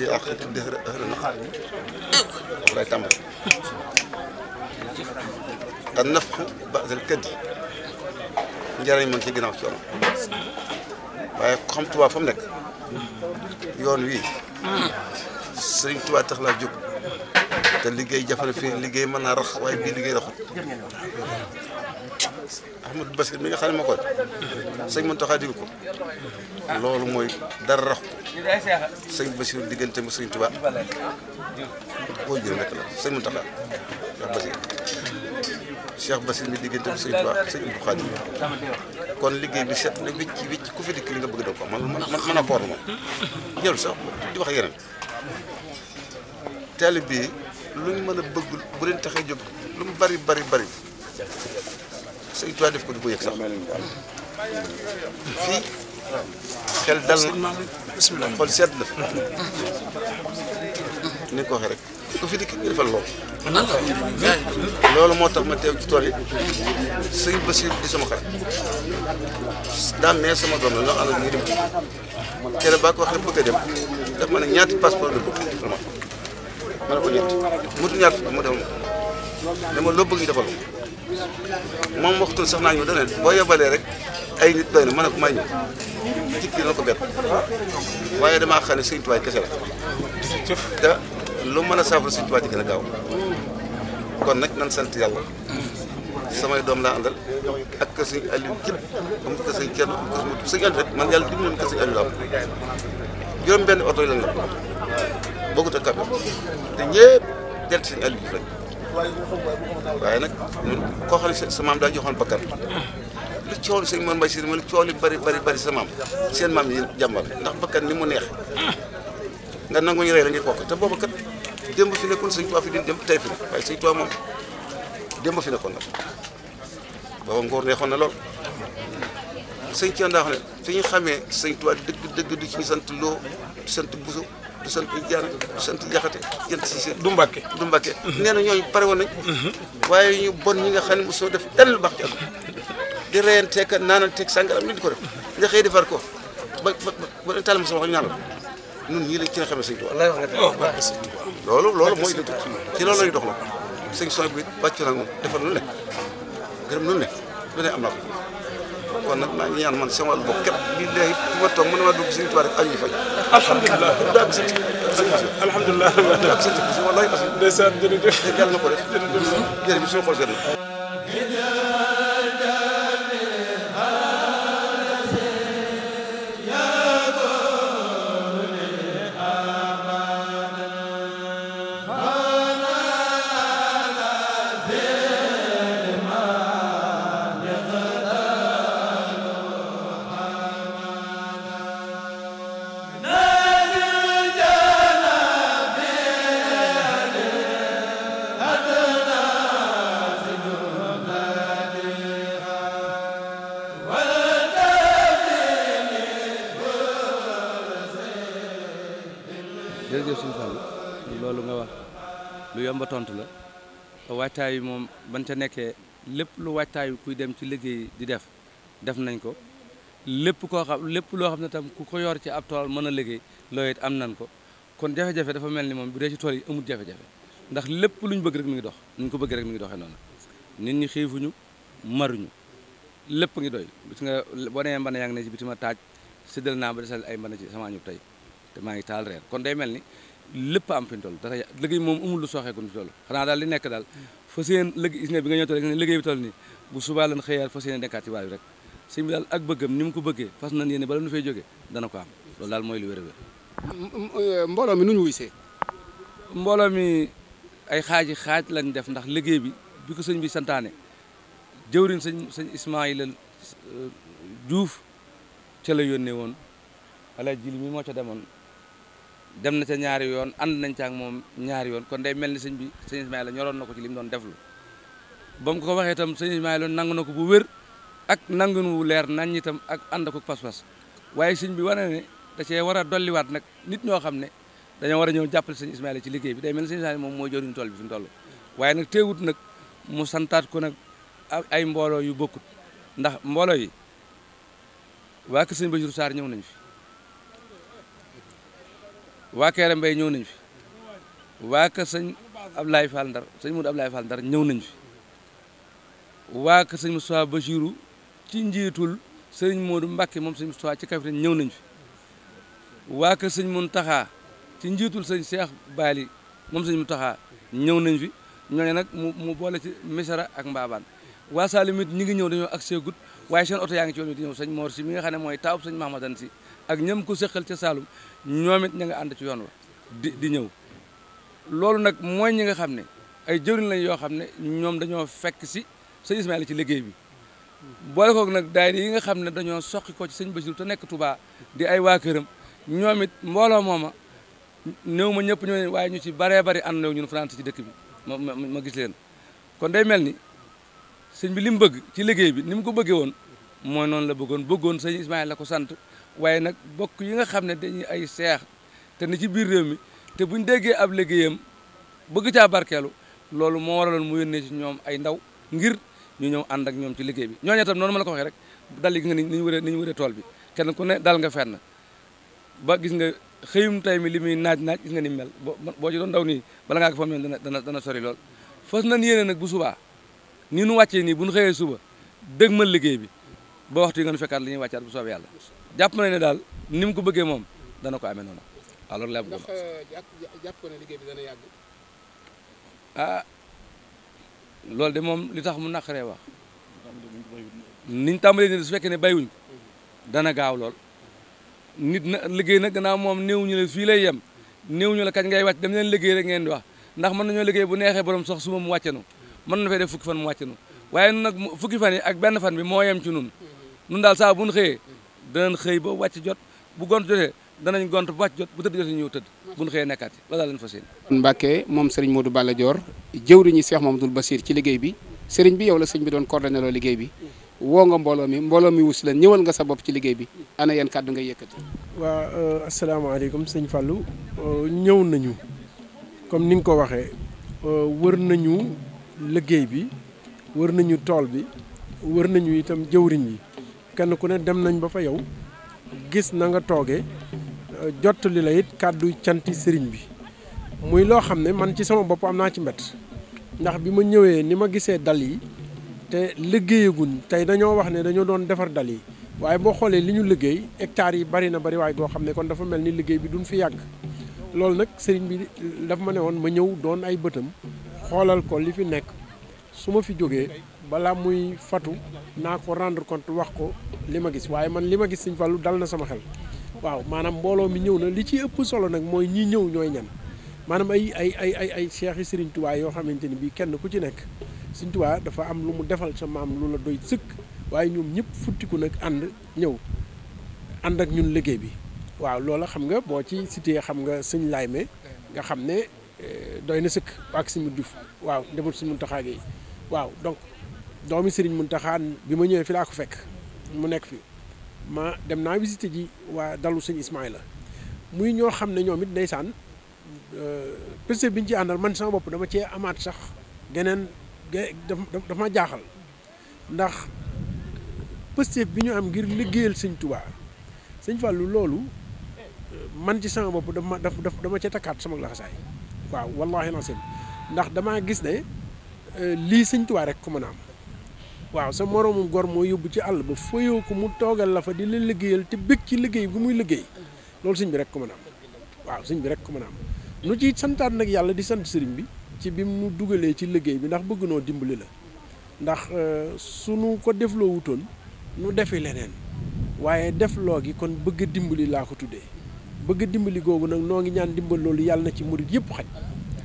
di ak tuddi xërë na lay tàmbal a nafku badal kaddi njëriñ mën ci ginnaaw coono waaye xam Tuubaa fa mu nekk yoon wii sëriñ Tuubaa tax laa jóg te liggéey jafe na fii liggéey mën naa rax waaye bii liggéey raxut Ahmadou Basir mi nga xam ne ma koy sëñ Mountakha digg ko loolu mooy dara rax ko sëñ Basir diggante ma sëñ Tuubaa boo jëlee rek la sëñ Mountakha Cheikh Basir Cheikh Basir mi diggante ma sëñ Tuubaa sëñ Abdou Khadim kon liggéey bi set na wicc wicc ku fi dikk li nga bëgg da ko man man man a koor moom jël sax di wax yeneen taalib bi lu ñu mën a bëgg bu leen taxee jóg lu mu bari bari bari sëñ Tuubaa def ko du ko yëg sax fii xel dal na bismillah xol sedd na waxee rek ku fi dikk nga defal loolu loolu moo tax ma teew ci tool yi sëñ Basiir di sama xarit daa mee sama doom la ñoo xam ne ñu dem kere baa ko waxee bëgg a dem daf ma ne ñaati passeport la bëgg ma ne ma loo bëgg ñu defal ma moom waxtul sax naa ñëw da leen boo yebalee rek ay nit doy na mën a ko may ñëw jikki na ko bett waaye damaa xam ne Sëñ Tuubaa kese la te lu mën a saafara Sëñ Tuubaa ci gën a gaaw kon nag nan sant yàlla samay doom laa àndal ak kër juróom benn oto yi la nga bokkut ak camion te ñëpp del Sëñ rek waaye nag koo xam ne sa maam daa joxoon bakkan lu coow li sëñ Mor Mbaye si ma lu coow li bari bari bari sa maam seen maam yi jàmbar ndax bakkan ni mu neex nga nangu ñu rey la ngir bokk te booba kat démb fi nekkoon sëñ Tuubaa fi din démb tey fi ne waaye sëñ Tuubaa moom démb fi nekkoon nag booba nguur neexoon na lool sëñ Thierno daa wax ne su ñu xamee sëñ Tuubaa dëgg dëgg du ci sant loo sant buso du sant jaan du sant jaxate jant si seen. du mbàkke mhm. nee na ñooñu pare woon nañ. Mhm. waaye ñu bon nga xam ne mosoo def dara lu baax ci am. di reyanteeg naananteeg sàngaram li di ko def defar ko ba ba ba ba tàllam sama wax ñu naan la. ñun ñii la ci la xamee sëñ oh, loolu loolu mooy dëgg ci loolu dox la sëñ bi wàcc na moom defal lu ne gërëm lu ne lu am na kon nag maa ngi ñaan man sama wàllu bopp képp bii léegi fi ma toog mën na maa dugg Sëriñ Tuubaa rek aju ñu faj. alhamdulilah daal sëñ alhamdulilah daal sëñ bi wallaay. ndeysaan jërëjëf yàlla na ko def jërëjëf suñu xol seen na jërëjëf suñu Fallou loolu nga wax lu yomba tontu la waajtaay yi moom ban ca nekkee lépp lu waajtaayu kuy dem ci liggéey di def def nañ ko lépp koo xam lépp loo xam ne tam ku ko yor ci ab tool mën a liggéey loolu it am nañ ko kon jafe-jafe dafa mel ni moom bu dee ci tool yi amul jafe-jafe ndax lépp lu ñu bëgg rek mu ngi dox ni ñu ko bëgg rek mi ngi doxee noonu nit ñi xiifuñu maruñu lépp ngi doy su nga boo demee mbana yaa ngi ne ci bitima taaj séddal naa ba desal ay mbana ci sama tey maa ngi taal reer kon day mel ni lépp am fi ñu toll moom amul lu sooxeeku fi toll xanaa daal li nekk daal fas yéene liggéey gis nga bi nga ñëw toll ne liggéey bi toll nii bu subaa lan xëyaat fas yéene nekkaat ci waay bi daal ak bëggam ni mu ko bëggee fas nañ yéene bala nu fay jógee ko am loolu daal mooy lu mbooloo mi nu ñu wuysee mbooloo mi ay xaaji xaaj lañ def ndax liggéey bi bi ko sëñ bi santaane jëwriñ sëñ sëñ Ismaïla euh, Diouf ca la yónnee woon ala jili mi moo ca demoon dem na ca ñaari yoon ànd nañ ca ak moom ñaari yoon kon day mel ni sëñ bi sëñ Ismaïla ñoroon na ko ci li mu doon deflu ba mu ko waxee itam sëñ Ismaïla nangu na ko bu wër ak nangu wu leer nañ itam ak ànd ko pas waaye sëñ bi wane ne da cee war a dolliwaat nag nit ñoo xam ne dañoo war a ñëw jàppale sëñ Ismaïla ci liggéey bi day mel ni sëñ Ismaïla moom mooy jëriñu tool bi fi mu waaye nag teewut nag mu santaat ko nag ay mbooloo yu bokkut ndax mbooloo yi waa kër sëñ Bajuru ñëw nañ fi waa Kéré Mbaye ñëw nañ fi waa kër sëñ Ablaye Fall Ndar sëñ Modou Ablaye Fall Ndar ñëw nañ fi waa kër sëñ Moustapha Bachirou ci njiitul sëñ Modou Mbacké moom sëñ Moustapha ci Kaffrine ñëw nañ fi waa kër sëñ Mountakha ci njiitul sëñ Cheikh Bali moom sëñ Mountakha ñëw nañ fi ñooñu nag mu mu boole ci Missirah ak Mbabane waa Saloum it ñi ngi ñëw dañoo accès gut waaye seen oto yaa ngi ci yoon wi di si mi nga xam ne mooy taawub sëñ Mahamadan si ak ñam ko sëqal ca Saalum ñoomit it ña nga ànd ci yoon wa di ñëw loolu nag mooy ñi nga xam ne ay jëwriñ lañ yoo xam ne ñoom dañoo fekk si sëñ Ismaïla ci liggéey bi boole koog nag daayira yi nga xam ne dañoo soqi ci sëñ Basiru te nekk tubaa di ay waa këram ñoomit mbooloo mooma new ma ñëpp ñoo waaye ñu ci baree bari ànd nañu ñun France ci dëkk bi ma ma gis leen kon day mel ni sëñ bi li mu bëgg ci liggéey bi ni mu ko bëggee woon mooy noonu la bëggoon bëggoon sëñ Ismaïla la ko sant waaye nag bokk yi nga xam ne dañuy ay seex te ni ci biir réew mi te buñ déggee ab liggéeyam bëgg caa barkeelu loolu moo waraloon mu yónnee ci ñoom ay ndaw ngir ñu ñëw ànd ak ñoom ci liggéey bi ñoo itam noonu ma la ko waxee rek dal yi nga ni ñu wëree ni ñu wëree tool bi kenn ku ne dal nga fenn ba gis nga xëyum tey mi li muy naaj naaj gis nga ni mel boo ci doon daw nii bala ngaa ko fam dana dana dana sori lool fas nañ yéene nag bu subaa ni nu wàccee nii bu ñu xëyee suba ma liggéey bi boo waxtu yi ngeen fekkaat li ñuy wàccaat bu soobee yàlla jàpp nañ ne daal ni mu ko bëggee moom dana ko amee noonu alors la bëgg jàpp ko ne liggéey bi dana ah, loolu de moom li tax mu naqaree wax niñ tàmbalee ni su fekkee ne bàyyiwuñ ko dana gaaw lool nit na liggéey nag gannaaw moom néew ñu la fii lay yem néew ñu la kañ ngay wàcc dam leen liggéey rek ngeen di wax ndax mën nañoo liggéey bu neexee borom sax suba mu wàccanu mën na fay def fukki fan mu wàccanu waaye nag fukki fan yi ak benn fan bi moo yem ci nun daal saa bu nu xëyee danañ xëy ba wàcc jot bu gont jotee danañ gont ba wàcc jot bu tëdd jotee ñëw tëdd bu nu xëyee nekkaat yi loolu daal lañ fas yéene Mbàkke moom Serigne Modou Balla Dior jëwriñu moom Mamadou Bassir ci liggéey bi Serigne bi yow la sëñ bi doon coordonné loo liggéey bi woo nga mbooloo mi mbooloo mi wus la ñëwal nga sa bopp ci liggéey bi ana yeen kàddu ngay yëkkati waaw euh, asalaamaaleykum sëñ Fallou euh, ñëw nañu comme ni nga ko waxee euh, wër nañu liggéey bi wër nañu tool bi wër nañu itam jëwriñ yi kenn ku ne dem nañ ba fa yow gis na nga toogee jottali la it kàddu canti sëriñ bi muy loo xam ne man ci sama bopp am naa ci mbett ndax bi ma ñëwee ni ma gisee dal yi te liggéeyaguñ tey dañoo wax ne dañoo doon defar dal yi waaye boo xoolee li ñu liggéey hectares yi bari na bari waaye goo xam ne kon dafa mel ni liggéey bi duñ fi yàgg loolu nag sëriñ bi daf ma ne woon ma ñëw doon ay bëtam xoolal ko li fi nekk su ma fi jógee balaa muy fatu naa ko rendre compte wax ko li ma gis waaye man li ma gis Sëñ Fallu dal na sama xel waaw maanaam mbooloo mi ñëw na li ci ëpp solo nag mooy ñi ñëw ñooy ñan maanaam ay ay ay ay ay cheikh yi yoo xamante ni bii kenn ku ci nekk Sëriñ Tuubaa dafa am lu mu defal sa maam lu la doy sëkk waaye ñoom ñëpp futtiku nag ànd ñëw ànd ak ñun liggéey bi waaw loola xam nga boo ci cité xam nga sëñ laay Layme nga xam ne eh, doy na sëkk ak sëñ Diouf waaw ndemut sëñ Muntaxaa gi waaw donc doomi mun Muntaxaa bi ma ñëwee fi laa ko fekk mu nekk fi ma dem naa visité ji waa dalu sëñ la muy ñoo xam ne ñoom it ndeysaan euh, pêcheur bi ñu ci àndal man sama bopp dama cee amaat sax geneen dafa ma jaaxal ndax pëstéef bi ñu am ngir liggéeyal sëñ sëñ Fàllu loolu euh, man ci sama bopp dama daf dama cee takkaat sama laxasaay waaw wallaahi lancé ndax damaa gis ne euh, lii sëñ Tuubaa rek ko mën a am waaw sa moroomu gor mooy yóbbu ci àll ba fayoo ko mu toogal la fa di la liggéeyal te bëgg ci liggéey bu muy liggéey loolu sëñ bi rek ko mën am waaw sëñ bi rek ko mën am nu ci santaat nag yàlla di sant sëriñ bi ci bii mu dugalee ci liggéey bi ndax bëgg noo dimbali la ndax su euh, sunu ko defloo wutoon nu defi leneen waaye defloo gi kon bëgg dimbali laa ko tuddee bëgg dimbali googu nag noo ngi ñaan dimbal loolu yàlla na ci murit yëpp xaj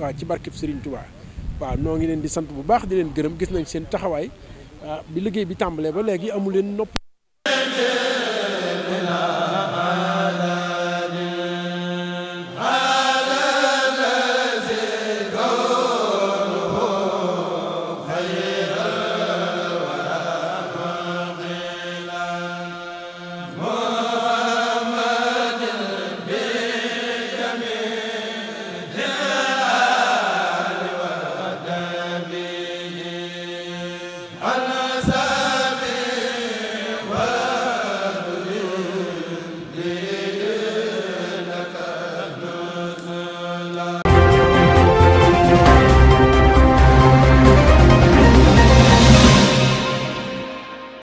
waaw ci barkeb sëriñ Tuubaa waaw noo ngi leen di sant bu baax di leen gërëm gis nañ seen taxawaay bi liggéey bi tàmbalee ba léegi amu leen nopp